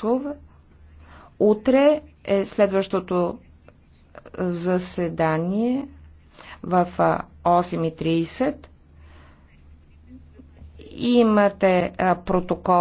гласува. Утре е следващото заседание в 8.30. Имате протокола.